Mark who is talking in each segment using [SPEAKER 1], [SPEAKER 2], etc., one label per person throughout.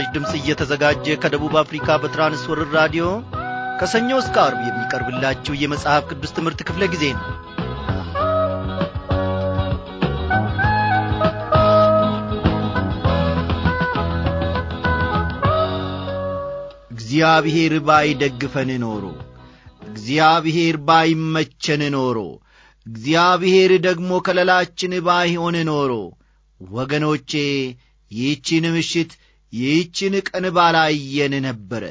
[SPEAKER 1] ለመስራች ድምፅ እየተዘጋጀ ከደቡብ አፍሪካ በትራንስወርር ራዲዮ ከሰኞ እስከ አርብ የሚቀርብላችሁ የመጽሐፍ ቅዱስ ትምህርት ክፍለ ጊዜ ነው እግዚአብሔር ባይደግፈን ኖሮ እግዚአብሔር ባይመቸን ኖሮ እግዚአብሔር ደግሞ ከለላችን ባይሆን ኖሮ ወገኖቼ ይህቺን ምሽት ይህችን ቀን ባላየን ነበረ።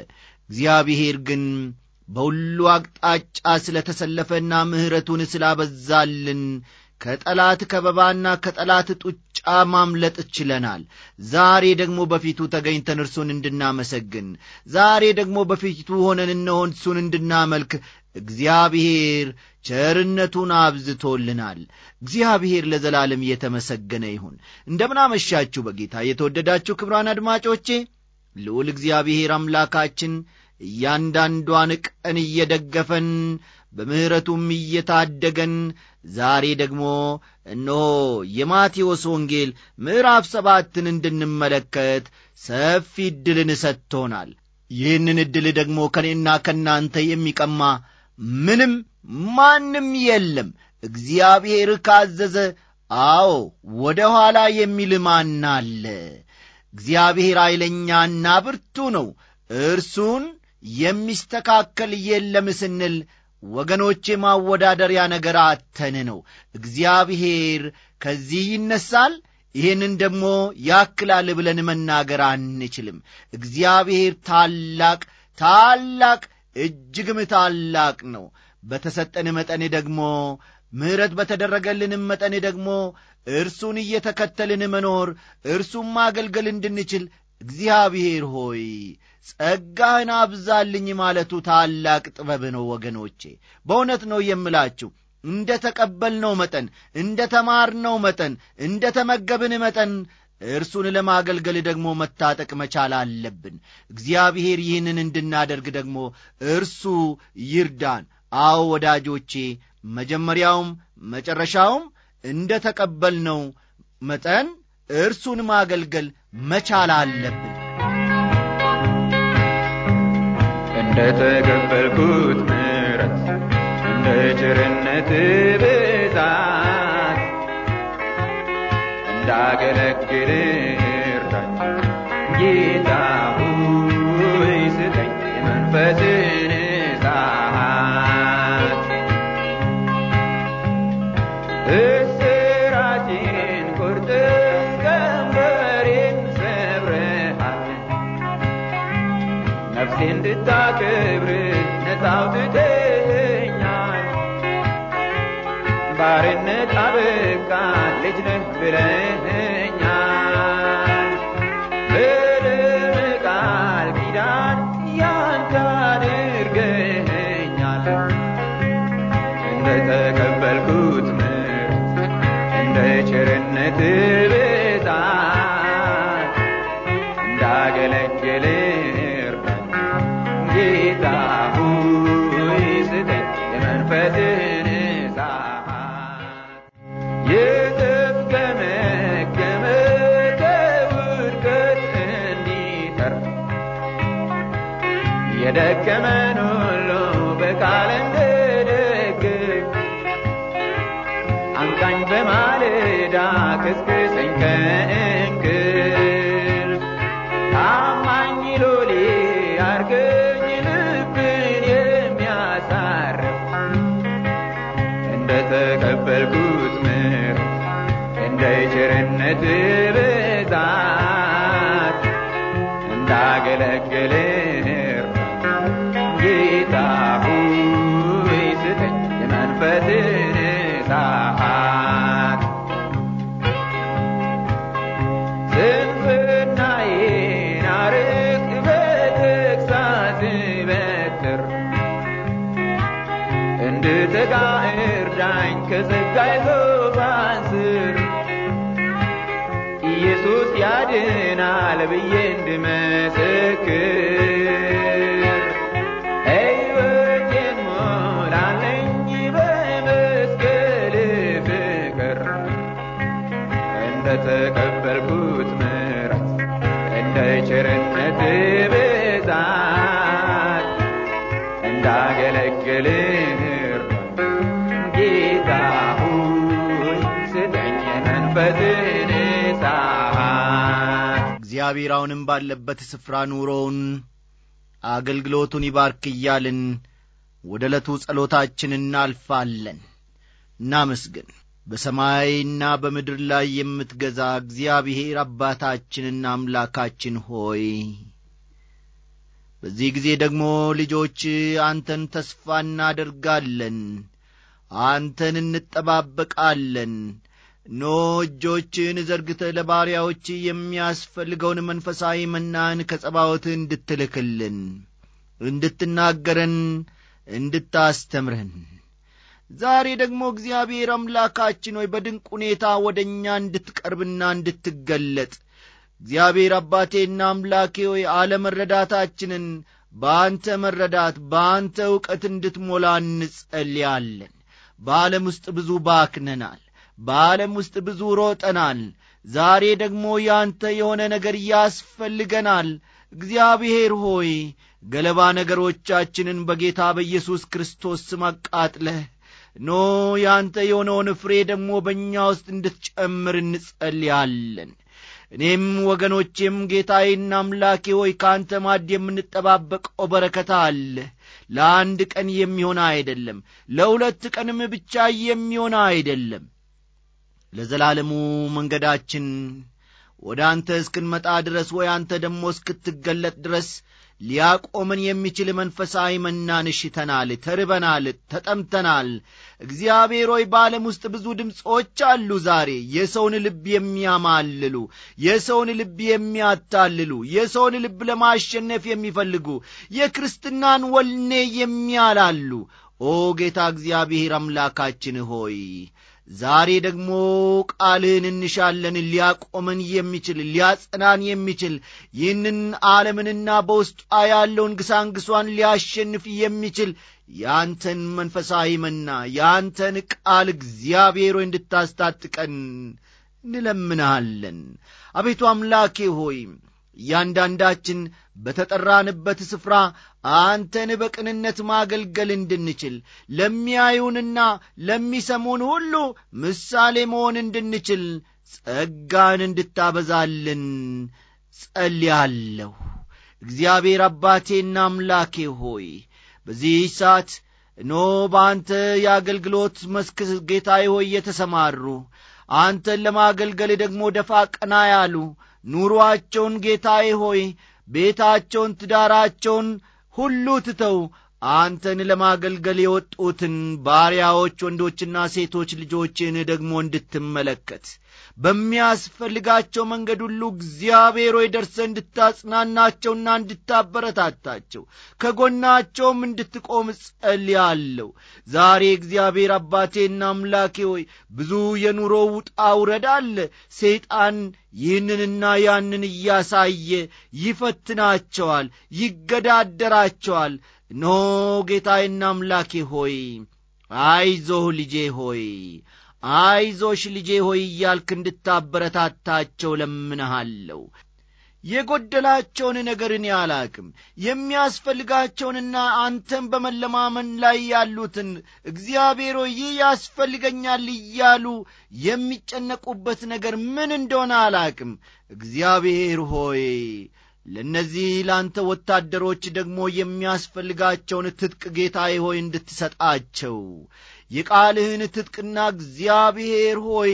[SPEAKER 1] እግዚአብሔር ግን በሁሉ አቅጣጫ ስለ ተሰለፈና ምሕረቱን ስላበዛልን ከጠላት ከበባና ከጠላት ጡጫ ማምለጥ ችለናል። ዛሬ ደግሞ በፊቱ ተገኝተን እርሱን እንድናመሰግን፣ ዛሬ ደግሞ በፊቱ ሆነን እነሆን እሱን እንድናመልክ እግዚአብሔር ቸርነቱን አብዝቶልናል። እግዚአብሔር ለዘላለም እየተመሰገነ ይሁን። እንደምናመሻችሁ በጌታ የተወደዳችሁ ክብራን አድማጮቼ ልዑል እግዚአብሔር አምላካችን እያንዳንዷን ቀን እየደገፈን በምሕረቱም እየታደገን ዛሬ ደግሞ እነሆ የማቴዎስ ወንጌል ምዕራፍ ሰባትን እንድንመለከት ሰፊ ዕድልን ሰጥቶናል። ይህንን ዕድል ደግሞ ከእኔና ከእናንተ የሚቀማ ምንም ማንም የለም እግዚአብሔር ካዘዘ አዎ ወደ ኋላ የሚል ማን አለ እግዚአብሔር ኃይለኛና ብርቱ ነው እርሱን የሚስተካከል የለም ስንል ወገኖቼ ማወዳደሪያ ነገር አተን ነው እግዚአብሔር ከዚህ ይነሳል ይህንን ደግሞ ያክላል ብለን መናገር አንችልም እግዚአብሔር ታላቅ ታላቅ እጅግም ታላቅ ነው። በተሰጠን መጠን ደግሞ ምሕረት በተደረገልንም መጠን ደግሞ እርሱን እየተከተልን መኖር እርሱን ማገልገል እንድንችል እግዚአብሔር ሆይ ጸጋህን አብዛልኝ ማለቱ ታላቅ ጥበብ ነው። ወገኖቼ በእውነት ነው የምላችሁ እንደ ተቀበልነው መጠን እንደ ተማርነው መጠን እንደ ተመገብን መጠን እርሱን ለማገልገል ደግሞ መታጠቅ መቻል አለብን። እግዚአብሔር ይህንን እንድናደርግ ደግሞ እርሱ ይርዳን። አዎ ወዳጆቼ፣ መጀመሪያውም መጨረሻውም እንደ ተቀበልነው መጠን እርሱን ማገልገል መቻል አለብን።
[SPEAKER 2] እንደ ተቀበልኩት ምረት እንደ ቸርነት ብዛት እንዳገለግል እርዳኝ ጌታ ሆይ ስጠኝ የመንፈስን እሳት እስራቴን ቁርጥ ቀንበሬን ሰብረሃል ነፍሴ እንድታ ለባርነት አበቃ ልጅ ነህ ብለኸኛል። ምንም ቃል ኪዳን ያንተ አድርገኸኛል። እንደተቀበልኩት ምርት እንደ ቸርነት
[SPEAKER 1] እግዚአብሔራውንም ባለበት ስፍራ ኑሮውን አገልግሎቱን ይባርክ እያልን ወደ ዕለቱ ጸሎታችን እናልፋለን። እናመስግን። በሰማይና በምድር ላይ የምትገዛ እግዚአብሔር አባታችንና አምላካችን ሆይ በዚህ ጊዜ ደግሞ ልጆች አንተን ተስፋ እናደርጋለን፣ አንተን እንጠባበቃለን ኖ እጆችን ዘርግተ ለባሪያዎች የሚያስፈልገውን መንፈሳዊ መናን ከጸባወት እንድትልክልን እንድትናገረን እንድታስተምረን ዛሬ ደግሞ እግዚአብሔር አምላካችን ሆይ በድንቅ ሁኔታ ወደ እኛ እንድትቀርብና እንድትገለጥ እግዚአብሔር አባቴና አምላኬ ሆይ አለመረዳታችንን በአንተ መረዳት በአንተ ዕውቀት እንድትሞላ እንጸልያለን በዓለም ውስጥ ብዙ ባክነናል በዓለም ውስጥ ብዙ ሮጠናል። ዛሬ ደግሞ ያንተ የሆነ ነገር ያስፈልገናል። እግዚአብሔር ሆይ ገለባ ነገሮቻችንን በጌታ በኢየሱስ ክርስቶስ ስም አቃጥለህ ኖ ያንተ የሆነውን ፍሬ ደግሞ በእኛ ውስጥ እንድትጨምር እንጸልያለን። እኔም ወገኖቼም ጌታዬና አምላኬ ሆይ ከአንተ ማድ የምንጠባበቀው በረከታ አለ። ለአንድ ቀን የሚሆን አይደለም፣ ለሁለት ቀንም ብቻ የሚሆን አይደለም ለዘላለሙ መንገዳችን ወደ አንተ እስክንመጣ ድረስ ወይ አንተ ደግሞ እስክትገለጥ ድረስ ሊያቆምን የሚችል መንፈሳዊ መናን ሽተናል፣ ተርበናል፣ ተጠምተናል። እግዚአብሔር ሆይ በዓለም ውስጥ ብዙ ድምፆች አሉ፣ ዛሬ የሰውን ልብ የሚያማልሉ፣ የሰውን ልብ የሚያታልሉ፣ የሰውን ልብ ለማሸነፍ የሚፈልጉ፣ የክርስትናን ወልኔ የሚያላሉ ኦ ጌታ እግዚአብሔር አምላካችን ሆይ ዛሬ ደግሞ ቃልህን እንሻለን። ሊያቆመን የሚችል ሊያጸናን የሚችል ይህንን ዓለምንና በውስጧ ያለውን ግሳንግሷን ሊያሸንፍ የሚችል ያንተን መንፈሳዊ መና ያንተን ቃል እግዚአብሔር ሆይ እንድታስታጥቀን እንለምንሃለን። አቤቱ አምላኬ ሆይ እያንዳንዳችን በተጠራንበት ስፍራ አንተን በቅንነት ማገልገል እንድንችል ለሚያዩንና ለሚሰሙን ሁሉ ምሳሌ መሆን እንድንችል ጸጋን እንድታበዛልን ጸልያለሁ። እግዚአብሔር አባቴና አምላኬ ሆይ በዚህ ሰዓት ኖ በአንተ የአገልግሎት መስክ ጌታ ሆይ የተሰማሩ አንተን ለማገልገል ደግሞ ደፋ ቀና ያሉ ኑሮአቸውን ጌታዬ ሆይ ቤታቸውን፣ ትዳራቸውን ሁሉ ትተው አንተን ለማገልገል የወጡትን ባሪያዎች ወንዶችና ሴቶች ልጆችን ደግሞ እንድትመለከት በሚያስፈልጋቸው መንገድ ሁሉ እግዚአብሔር ወይ ደርሰ እንድታጽናናቸውና እንድታበረታታቸው ከጎናቸውም እንድትቆም ጸልያለሁ። ዛሬ እግዚአብሔር አባቴና አምላኬ ሆይ ብዙ የኑሮ ውጣ ውረድ አለ። ሰይጣን ይህንንና ያንን እያሳየ ይፈትናቸዋል፣ ይገዳደራቸዋል። ኖ ጌታዬና አምላኬ ሆይ አይዞህ ልጄ ሆይ አይዞሽ ልጄ ሆይ እያልክ እንድታበረታታቸው ለምንሃለሁ። የጎደላቸውን ነገርን ያላቅም የሚያስፈልጋቸውንና አንተን በመለማመን ላይ ያሉትን እግዚአብሔር ይህ ያስፈልገኛል እያሉ የሚጨነቁበት ነገር ምን እንደሆነ አላቅም። እግዚአብሔር ሆይ ለእነዚህ ላንተ ወታደሮች ደግሞ የሚያስፈልጋቸውን ትጥቅ ጌታዬ ሆይ እንድትሰጣቸው የቃልህን ትጥቅና እግዚአብሔር ሆይ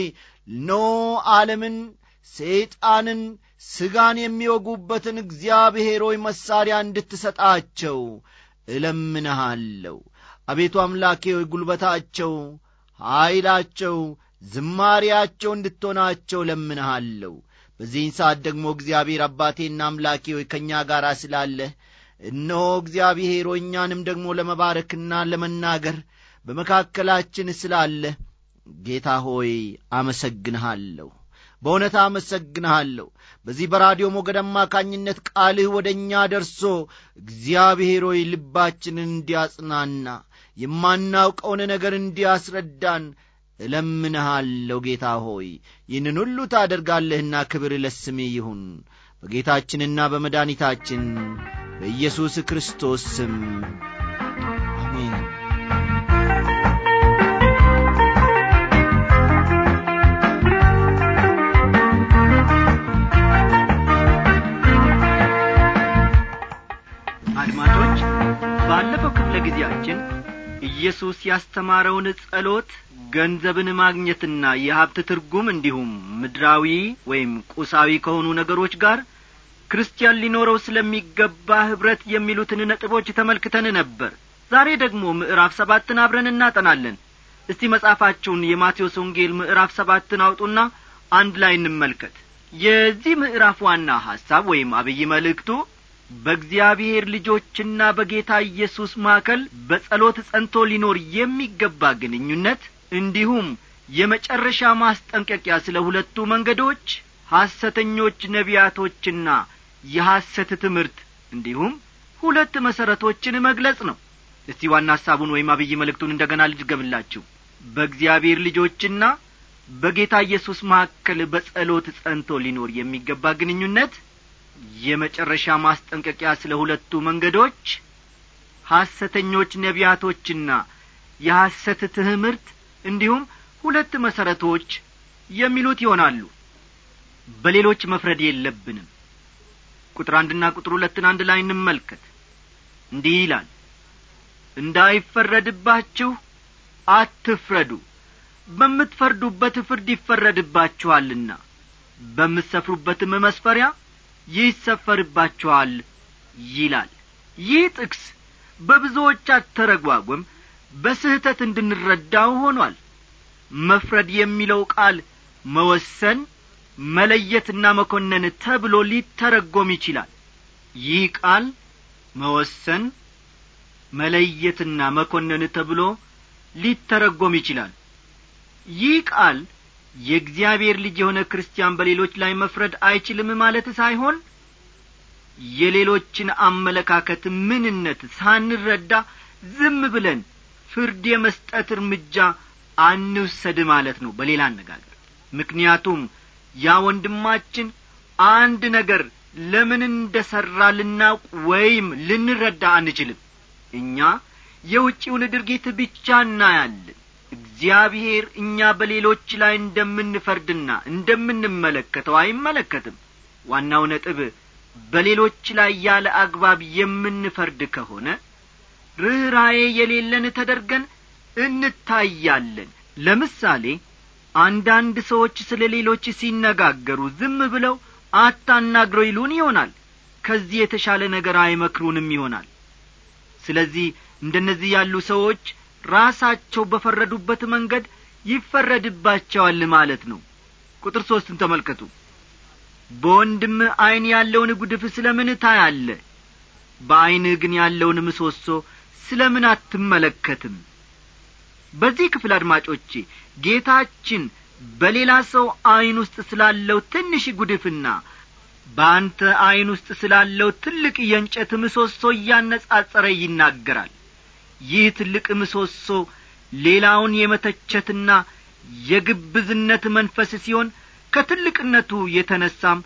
[SPEAKER 1] ኖ ዓለምን ሰይጣንን ሥጋን የሚወጉበትን እግዚአብሔር ሆይ መሣሪያ እንድትሰጣቸው እለምንሃለሁ። አቤቱ አምላኬ ሆይ ጒልበታቸው፣ ኀይላቸው፣ ዝማሪያቸው እንድትሆናቸው እለምንሃለሁ። በዚህን ሰዓት ደግሞ እግዚአብሔር አባቴና አምላኬ ሆይ ከእኛ ጋር ስላለህ እነሆ እግዚአብሔር እኛንም ደግሞ ለመባረክና ለመናገር በመካከላችን ስላለ ጌታ ሆይ አመሰግንሃለሁ። በእውነት አመሰግንሃለሁ። በዚህ በራዲዮ ሞገድ አማካኝነት ቃልህ ወደ እኛ ደርሶ እግዚአብሔር ሆይ ልባችንን እንዲያጽናና የማናውቀውን ነገር እንዲያስረዳን እለምንሃለሁ ጌታ ሆይ ይህንን ሁሉ ታደርጋለህና ክብር ለስሜ ይሁን በጌታችንና በመድኒታችን በኢየሱስ ክርስቶስ ስም አሜን። አድማጮች ባለፈው ክፍለ ጊዜያችን ኢየሱስ ያስተማረውን ጸሎት ገንዘብን ማግኘትና የሀብት ትርጉም እንዲሁም ምድራዊ ወይም ቁሳዊ ከሆኑ ነገሮች ጋር ክርስቲያን ሊኖረው ስለሚገባ ኅብረት የሚሉትን ነጥቦች ተመልክተን ነበር ዛሬ ደግሞ ምዕራፍ ሰባትን አብረን እናጠናለን እስቲ መጻፋችሁን የማቴዎስ ወንጌል ምዕራፍ ሰባትን አውጡና አንድ ላይ እንመልከት የዚህ ምዕራፍ ዋና ሐሳብ ወይም አብይ መልእክቱ በእግዚአብሔር ልጆችና በጌታ ኢየሱስ ማዕከል በጸሎት ጸንቶ ሊኖር የሚገባ ግንኙነት እንዲሁም የመጨረሻ ማስጠንቀቂያ ስለ ሁለቱ መንገዶች ሐሰተኞች ነቢያቶችና የሐሰት ትምህርት እንዲሁም ሁለት መሠረቶችን መግለጽ ነው እስቲ ዋና ሐሳቡን ወይም አብይ መልእክቱን እንደ ገና ልድገምላችሁ በእግዚአብሔር ልጆችና በጌታ ኢየሱስ መካከል በጸሎት ጸንቶ ሊኖር የሚገባ ግንኙነት የመጨረሻ ማስጠንቀቂያ ስለ ሁለቱ መንገዶች ሐሰተኞች ነቢያቶችና የሐሰት ትምህርት እንዲሁም ሁለት መሠረቶች የሚሉት ይሆናሉ በሌሎች መፍረድ የለብንም ቁጥር አንድና ቁጥር ሁለትን አንድ ላይ እንመልከት እንዲህ ይላል እንዳይፈረድባችሁ አትፍረዱ በምትፈርዱበት ፍርድ ይፈረድባችኋልና በምትሰፍሩበትም መስፈሪያ ይሰፈርባችኋል ይላል ይህ ጥቅስ በብዙዎች አተረጓጎም በስህተት እንድንረዳው ሆኗል መፍረድ የሚለው ቃል መወሰን መለየትና መኮነን ተብሎ ሊተረጎም ይችላል ይህ ቃል መወሰን መለየትና መኮነን ተብሎ ሊተረጎም ይችላል ይህ ቃል የእግዚአብሔር ልጅ የሆነ ክርስቲያን በሌሎች ላይ መፍረድ አይችልም ማለት ሳይሆን የሌሎችን አመለካከት ምንነት ሳንረዳ ዝም ብለን ፍርድ የመስጠት እርምጃ አንውሰድ ማለት ነው በሌላ አነጋገር ምክንያቱም ያ ወንድማችን አንድ ነገር ለምን እንደ ሠራ ልናውቅ ወይም ልንረዳ አንችልም እኛ የውጪውን ድርጊት ብቻ እናያለን እግዚአብሔር እኛ በሌሎች ላይ እንደምንፈርድና እንደምንመለከተው አይመለከትም ዋናው ነጥብ በሌሎች ላይ ያለ አግባብ የምንፈርድ ከሆነ ርኅራዬ የሌለን ተደርገን እንታያለን ለምሳሌ አንዳንድ ሰዎች ስለ ሌሎች ሲነጋገሩ ዝም ብለው አታናግረው ይሉን ይሆናል ከዚህ የተሻለ ነገር አይመክሩንም ይሆናል ስለዚህ እንደነዚህ ያሉ ሰዎች ራሳቸው በፈረዱበት መንገድ ይፈረድባቸዋል ማለት ነው ቁጥር ሦስትን ተመልከቱ በወንድም ዐይን ያለውን ስለ ምን ታያለ በዐይንህ ግን ያለውን ምሶሶ ስለ ምን አትመለከትም በዚህ ክፍል አድማጮቼ ጌታችን በሌላ ሰው ዐይን ውስጥ ስላለው ትንሽ ጉድፍና በአንተ ዐይን ውስጥ ስላለው ትልቅ የእንጨት ምሰሶ እያነጻጸረ ይናገራል ይህ ትልቅ ምሰሶ ሌላውን የመተቸትና የግብዝነት መንፈስ ሲሆን ከትልቅነቱ የተነሳም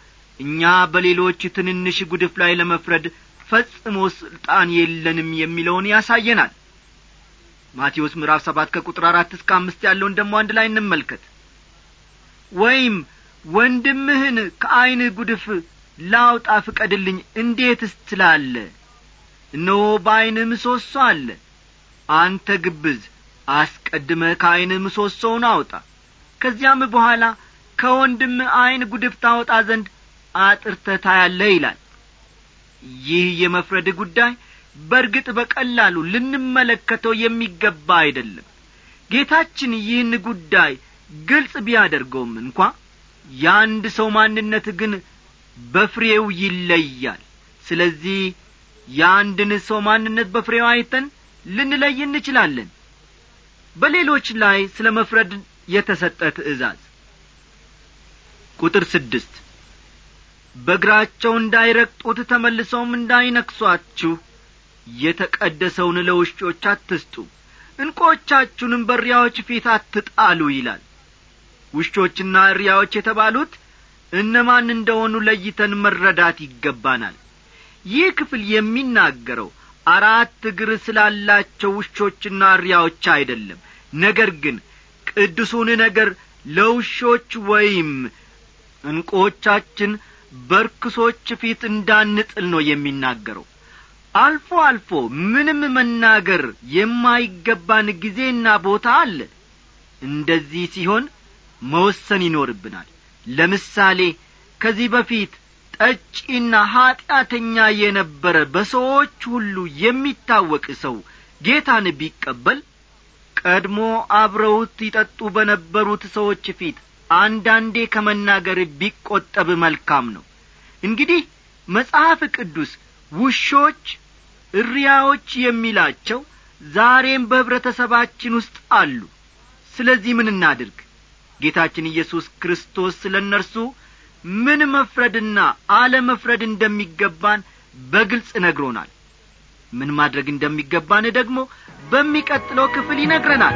[SPEAKER 1] እኛ በሌሎች ትንንሽ ጉድፍ ላይ ለመፍረድ ፈጽሞ ሥልጣን የለንም የሚለውን ያሳየናል ማቴዎስ ምዕራፍ ሰባት ከቁጥር አራት እስከ አምስት ያለውን ደግሞ አንድ ላይ እንመልከት ወይም ወንድምህን ከዐይንህ ጉድፍ ላውጣ ፍቀድልኝ እንዴትስ ትላለ እነሆ በዐይንህ ምሶሶ አለ አንተ ግብዝ አስቀድመ ከዐይንህ ምሶሶውን አውጣ ከዚያም በኋላ ከወንድም ዐይን ጉድፍ ታወጣ ዘንድ አጥርተታ ያለ ይላል ይህ የመፍረድ ጉዳይ በእርግጥ በቀላሉ ልንመለከተው የሚገባ አይደለም ጌታችን ይህን ጉዳይ ግልጽ ቢያደርገውም እንኳ የአንድ ሰው ማንነት ግን በፍሬው ይለያል ስለዚህ የአንድን ሰው ማንነት በፍሬው አይተን ልንለይ እንችላለን በሌሎች ላይ ስለ መፍረድ የተሰጠ ትእዛዝ ቁጥር ስድስት በእግራቸው እንዳይረግጡት ተመልሰውም እንዳይነክሷችሁ የተቀደሰውን ለውሾች አትስጡ እንቆቻችሁንም በሪያዎች ፊት አትጣሉ ይላል ውሾችና እሪያዎች የተባሉት እነማን እንደሆኑ ለይተን መረዳት ይገባናል ይህ ክፍል የሚናገረው አራት እግር ስላላቸው ውሾችና እሪያዎች አይደለም ነገር ግን ቅዱሱን ነገር ለውሾች ወይም እንቆቻችን በርክሶች ፊት እንዳንጥል ነው የሚናገረው አልፎ አልፎ ምንም መናገር የማይገባን ጊዜና ቦታ አለ እንደዚህ ሲሆን መወሰን ይኖርብናል ለምሳሌ ከዚህ በፊት ጠጪና ኀጢአተኛ የነበረ በሰዎች ሁሉ የሚታወቅ ሰው ጌታን ቢቀበል ቀድሞ አብረውት ይጠጡ በነበሩት ሰዎች ፊት አንዳንዴ ከመናገር ቢቆጠብ መልካም ነው እንግዲህ መጽሐፍ ቅዱስ ውሾች እሪያዎች የሚላቸው ዛሬም በኅብረተሰባችን ውስጥ አሉ ስለዚህ ምን እናድርግ ጌታችን ኢየሱስ ክርስቶስ ስለ እነርሱ ምን መፍረድና አለመፍረድ እንደሚገባን በግልጽ ነግሮናል ምን ማድረግ እንደሚገባን ደግሞ በሚቀጥለው ክፍል ይነግረናል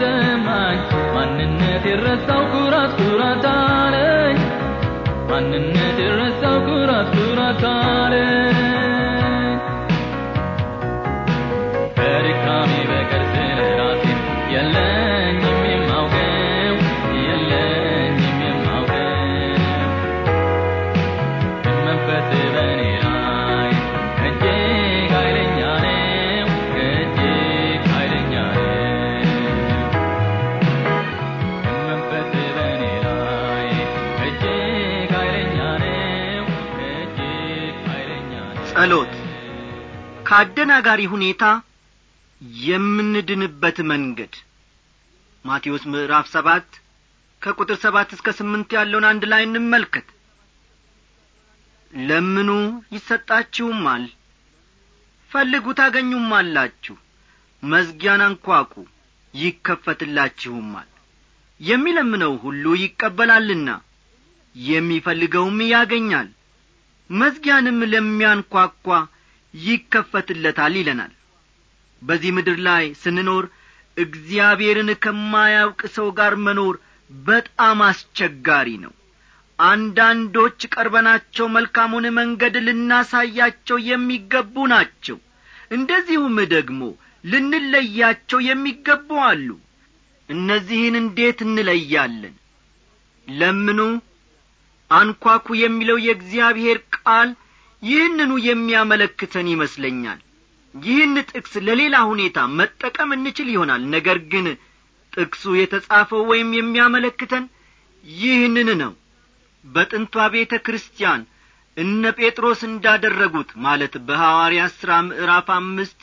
[SPEAKER 3] ተሰማኝ ማንነት የረሳው ኩራት ኩራት አለኝ ማንነት የረሳው ኩራት ኩራት አለኝ
[SPEAKER 1] ከአደናጋሪ ሁኔታ የምንድንበት መንገድ ማቴዎስ ምዕራፍ ሰባት ከቁጥር ሰባት እስከ ስምንት ያለውን አንድ ላይ እንመልከት ለምኑ ይሰጣችሁማል ፈልጉ ታገኙማላችሁ መዝጊያን አንኳኩ ይከፈትላችሁማል የሚለምነው ሁሉ ይቀበላልና የሚፈልገውም ያገኛል መዝጊያንም ለሚያንኳኳ ይከፈትለታል ይለናል በዚህ ምድር ላይ ስንኖር እግዚአብሔርን ከማያውቅ ሰው ጋር መኖር በጣም አስቸጋሪ ነው አንዳንዶች ቀርበናቸው መልካሙን መንገድ ልናሳያቸው የሚገቡ ናቸው እንደዚሁም ደግሞ ልንለያቸው የሚገቡ አሉ እነዚህን እንዴት እንለያለን ለምኑ አንኳኩ የሚለው የእግዚአብሔር ቃል ይህንኑ የሚያመለክተን ይመስለኛል ይህን ጥቅስ ለሌላ ሁኔታ መጠቀም እንችል ይሆናል ነገር ግን ጥቅሱ የተጻፈው ወይም የሚያመለክተን ይህንን ነው በጥንቷ ቤተ ክርስቲያን እነ ጴጥሮስ እንዳደረጉት ማለት በሐዋርያ ሥራ ምዕራፍ አምስት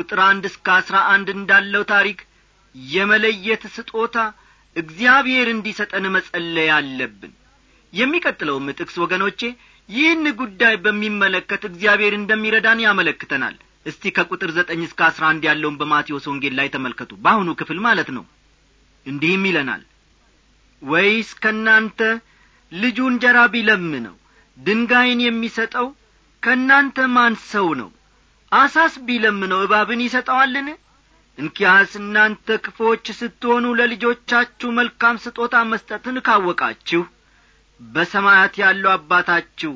[SPEAKER 1] ቁጥር አንድ እስከ አሥራ አንድ እንዳለው ታሪክ የመለየት ስጦታ እግዚአብሔር እንዲሰጠን መጸለይ አለብን የሚቀጥለውም ጥቅስ ወገኖቼ ይህን ጉዳይ በሚመለከት እግዚአብሔር እንደሚረዳን ያመለክተናል እስቲ ከቁጥር ዘጠኝ እስከ አስራ አንድ ያለውን በማቴዎስ ወንጌል ላይ ተመልከቱ በአሁኑ ክፍል ማለት ነው እንዲህም ይለናል ወይስ ከእናንተ ልጁ እንጀራ ቢለምነው ድንጋይን የሚሰጠው ከእናንተ ማን ሰው ነው አሳስ ነው እባብን ይሰጠዋልን እንኪያስ እናንተ ክፎች ስትሆኑ ለልጆቻችሁ መልካም ስጦታ መስጠትን ካወቃችሁ በሰማያት ያለው አባታችሁ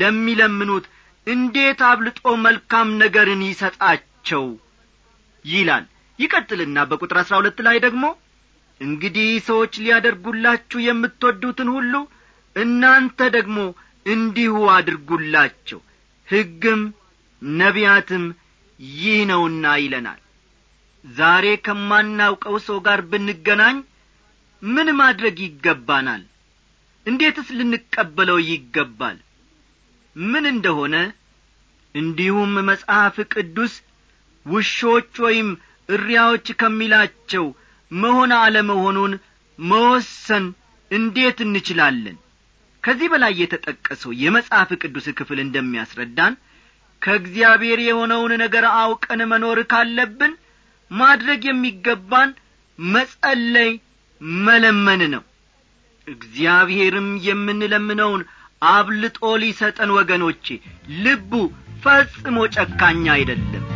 [SPEAKER 1] ለሚለምኑት እንዴት አብልጦ መልካም ነገርን ይሰጣቸው ይላል ይቀጥልና በቁጥር አሥራ ሁለት ላይ ደግሞ እንግዲህ ሰዎች ሊያደርጉላችሁ የምትወዱትን ሁሉ እናንተ ደግሞ እንዲሁ አድርጉላቸው ሕግም ነቢያትም ይህ ነውና ይለናል ዛሬ ከማናውቀው ሰው ጋር ብንገናኝ ምን ማድረግ ይገባናል እንዴትስ ልንቀበለው ይገባል ምን እንደሆነ እንዲሁም መጽሐፍ ቅዱስ ውሾች ወይም እሪያዎች ከሚላቸው መሆን አለመሆኑን መወሰን እንዴት እንችላለን ከዚህ በላይ የተጠቀሰው የመጽሐፍ ቅዱስ ክፍል እንደሚያስረዳን ከእግዚአብሔር የሆነውን ነገር አውቀን መኖር ካለብን ማድረግ የሚገባን መጸለይ መለመን ነው እግዚአብሔርም የምንለምነውን አብልጦ ሊሰጠን ወገኖቼ ልቡ ፈጽሞ ጨካኛ አይደለም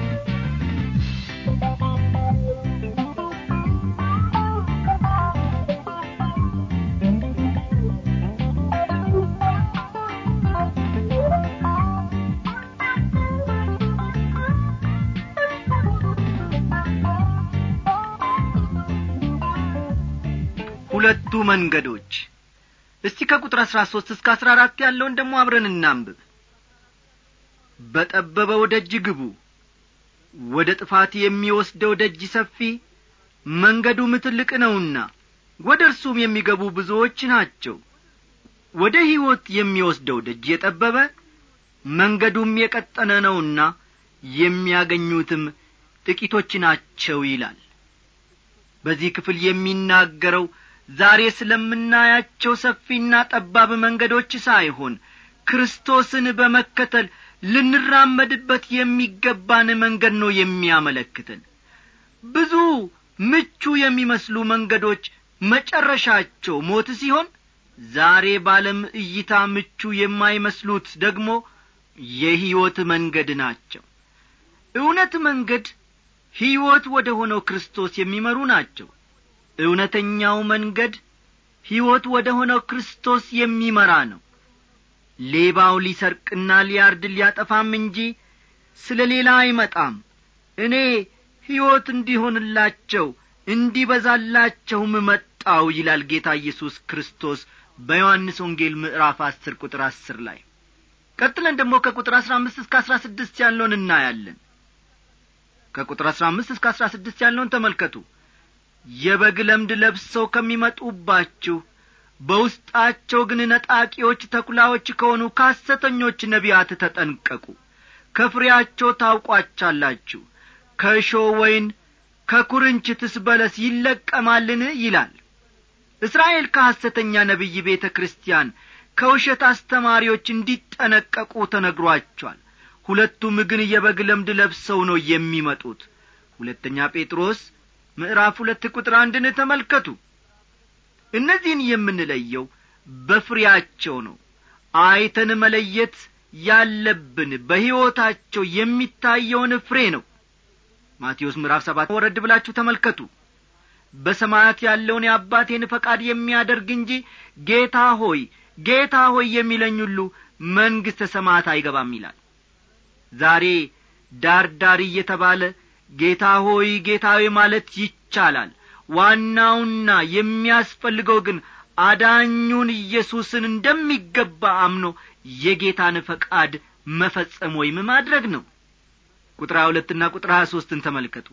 [SPEAKER 1] ሁለቱ መንገዶች እስቲ ከቁጥር አሥራ ሦስት እስከ አሥራ አራት ያለውን ደግሞ አብረን እናንብብ በጠበበው ደጅ ግቡ ወደ ጥፋት የሚወስደው ደጅ ሰፊ መንገዱም ትልቅ ነውና ወደ እርሱም የሚገቡ ብዙዎች ናቸው ወደ ሕይወት የሚወስደው ደጅ የጠበበ መንገዱም የቀጠነ ነውና የሚያገኙትም ጥቂቶች ናቸው ይላል በዚህ ክፍል የሚናገረው ዛሬ ስለምናያቸው ሰፊና ጠባብ መንገዶች ሳይሆን ክርስቶስን በመከተል ልንራመድበት የሚገባን መንገድ ነው የሚያመለክትን። ብዙ ምቹ የሚመስሉ መንገዶች መጨረሻቸው ሞት ሲሆን ዛሬ ባለም እይታ ምቹ የማይመስሉት ደግሞ የሕይወት መንገድ ናቸው። እውነት መንገድ ሕይወት ወደ ሆነው ክርስቶስ የሚመሩ ናቸው። እውነተኛው መንገድ ሕይወት ወደ ሆነው ክርስቶስ የሚመራ ነው ሌባው ሊሰርቅና ሊያርድ ሊያጠፋም እንጂ ስለ ሌላ አይመጣም እኔ ሕይወት እንዲሆንላቸው እንዲበዛላቸውም መጣው ይላል ጌታ ኢየሱስ ክርስቶስ በዮሐንስ ወንጌል ምዕራፍ አስር ቁጥር አስር ላይ ቀጥለን ደግሞ ከቁጥር አሥራ አምስት እስከ አሥራ ስድስት ያለውን እናያለን ከቁጥር አሥራ አምስት እስከ አሥራ ስድስት ያለውን ተመልከቱ የበግ ለምድ ለብሰው ከሚመጡባችሁ በውስጣቸው ግን ነጣቂዎች ተኩላዎች ከሆኑ ከሐሰተኞች ነቢያት ተጠንቀቁ ከፍሬያቸው ታውቋቻላችሁ ከእሾ ወይን ከኵርንችትስ በለስ ይለቀማልን ይላል እስራኤል ከሐሰተኛ ነቢይ ቤተ ክርስቲያን ከውሸት አስተማሪዎች እንዲጠነቀቁ ተነግሯቸዋል ሁለቱም ግን የበግ ለምድ ለብሰው ነው የሚመጡት ሁለተኛ ጴጥሮስ ምዕራፍ ሁለት ቁጥር አንድን ተመልከቱ እነዚህን የምንለየው በፍሬያቸው ነው አይተን መለየት ያለብን በሕይወታቸው የሚታየውን ፍሬ ነው ማቴዎስ ምዕራፍ ሰባት ወረድ ብላችሁ ተመልከቱ በሰማያት ያለውን የአባቴን ፈቃድ የሚያደርግ እንጂ ጌታ ሆይ ጌታ ሆይ የሚለኝ ሁሉ መንግሥተ ሰማያት አይገባም ይላል ዛሬ ዳር ዳር እየተባለ ጌታ ሆይ ጌታዊ ማለት ይቻላል ዋናውና የሚያስፈልገው ግን አዳኙን ኢየሱስን እንደሚገባ አምኖ የጌታን ፈቃድ መፈጸም ወይም ማድረግ ነው ቁጥር ሀያ ሁለትና ቁጥር ሀያ ሦስትን ተመልከቱ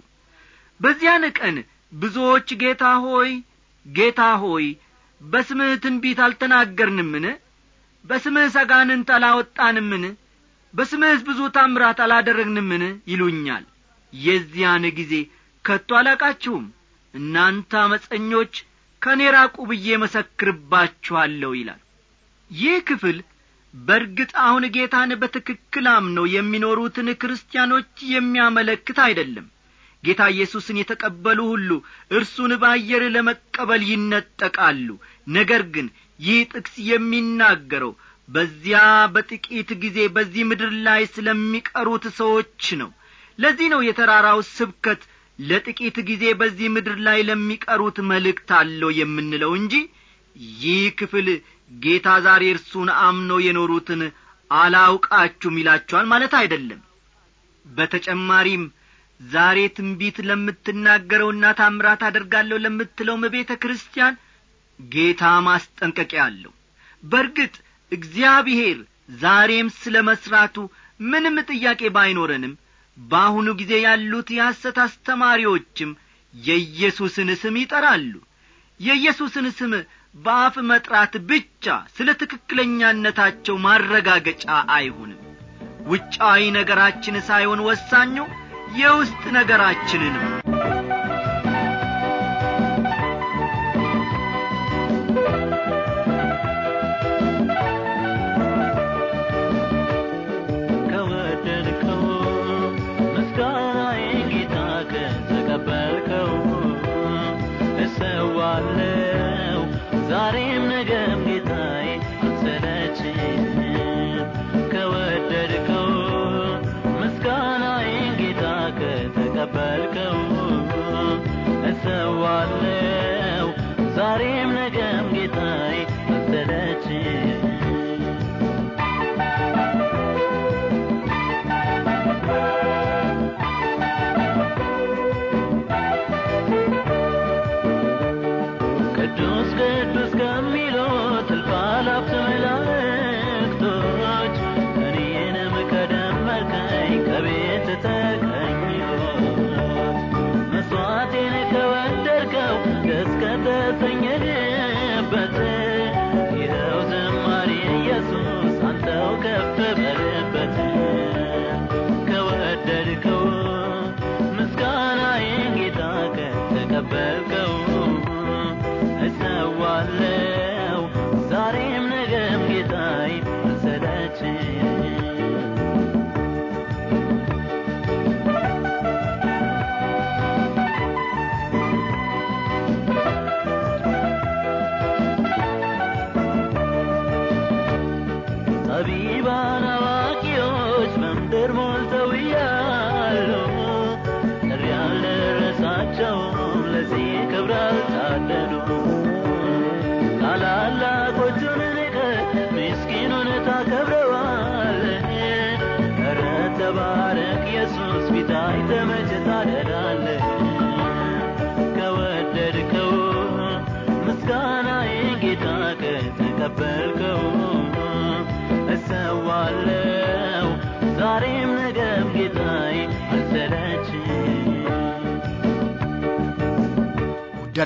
[SPEAKER 1] በዚያን ቀን ብዙዎች ጌታ ሆይ ጌታ ሆይ በስምህ ትንቢት አልተናገርንምን በስምህ አጋንንት አላወጣንምን በስምህስ ብዙ ታምራት አላደረግንምን ይሉኛል የዚያን ጊዜ ከቶ አላቃችሁም እናንተ አመፀኞች ከእኔ ራቁ ብዬ መሰክርባችኋለሁ ይላል ይህ ክፍል በእርግጥ አሁን ጌታን በትክክል አምነው የሚኖሩትን ክርስቲያኖች የሚያመለክት አይደለም ጌታ ኢየሱስን የተቀበሉ ሁሉ እርሱን በአየር ለመቀበል ይነጠቃሉ ነገር ግን ይህ ጥቅስ የሚናገረው በዚያ በጥቂት ጊዜ በዚህ ምድር ላይ ስለሚቀሩት ሰዎች ነው ለዚህ ነው የተራራው ስብከት ለጥቂት ጊዜ በዚህ ምድር ላይ ለሚቀሩት መልእክት አለው የምንለው እንጂ ይህ ክፍል ጌታ ዛሬ እርሱን አምነው የኖሩትን አላውቃችሁም ይላችኋል ማለት አይደለም በተጨማሪም ዛሬ ትንቢት ለምትናገረውና ታምራት አደርጋለሁ ለምትለውም ቤተ ክርስቲያን ጌታ ማስጠንቀቂያ አለው በእርግጥ እግዚአብሔር ዛሬም ስለ መሥራቱ ምንም ጥያቄ ባይኖረንም በአሁኑ ጊዜ ያሉት የሐሰት አስተማሪዎችም የኢየሱስን ስም ይጠራሉ የኢየሱስን ስም በአፍ መጥራት ብቻ ስለ ትክክለኛነታቸው ማረጋገጫ አይሆንም ውጫዊ ነገራችን ሳይሆን ወሳኙ የውስጥ ነገራችን ነው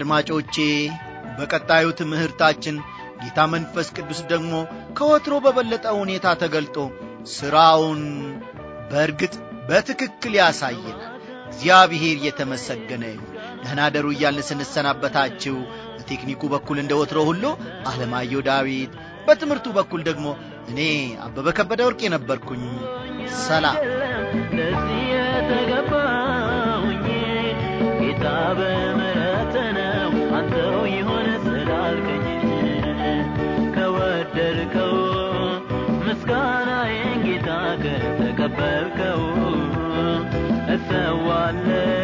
[SPEAKER 1] አድማጮቼ በቀጣዩ ትምህርታችን ጌታ መንፈስ ቅዱስ ደግሞ ከወትሮ በበለጠ ሁኔታ ተገልጦ ሥራውን በእርግጥ በትክክል ያሳየን። እግዚአብሔር የተመሰገነ ደህና ደሩ እያልን ስንሰናበታችሁ በቴክኒኩ በኩል እንደ ወትሮ ሁሉ አለማየሁ ዳዊት፣ በትምህርቱ በኩል ደግሞ እኔ አበበ ከበደ ወርቅ የነበርኩኝ። ሰላም
[SPEAKER 4] ለዚህ የተገባውኝ ጌታ ምስጋናዬን ጌታ ከተቀበልከው እሰዋለሁ